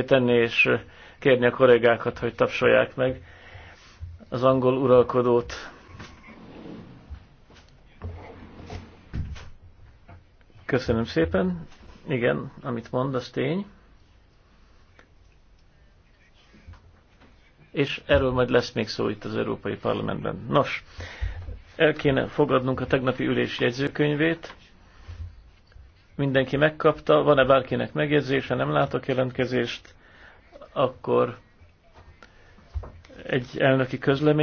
tenni, és eh, kérni a kollégákat, hogy tapsolják meg az angol uralkodót. Köszönöm szépen. Igen, amit mond, az tény. És erről majd lesz még szó itt az Európai Parlamentben. Nos, el kéne fogadnunk a tegnapi ülés jegyzőkönyvét. Mindenki megkapta, van-e bárkinek megjegyzése, nem látok jelentkezést, akkor egy elnöki közlemény.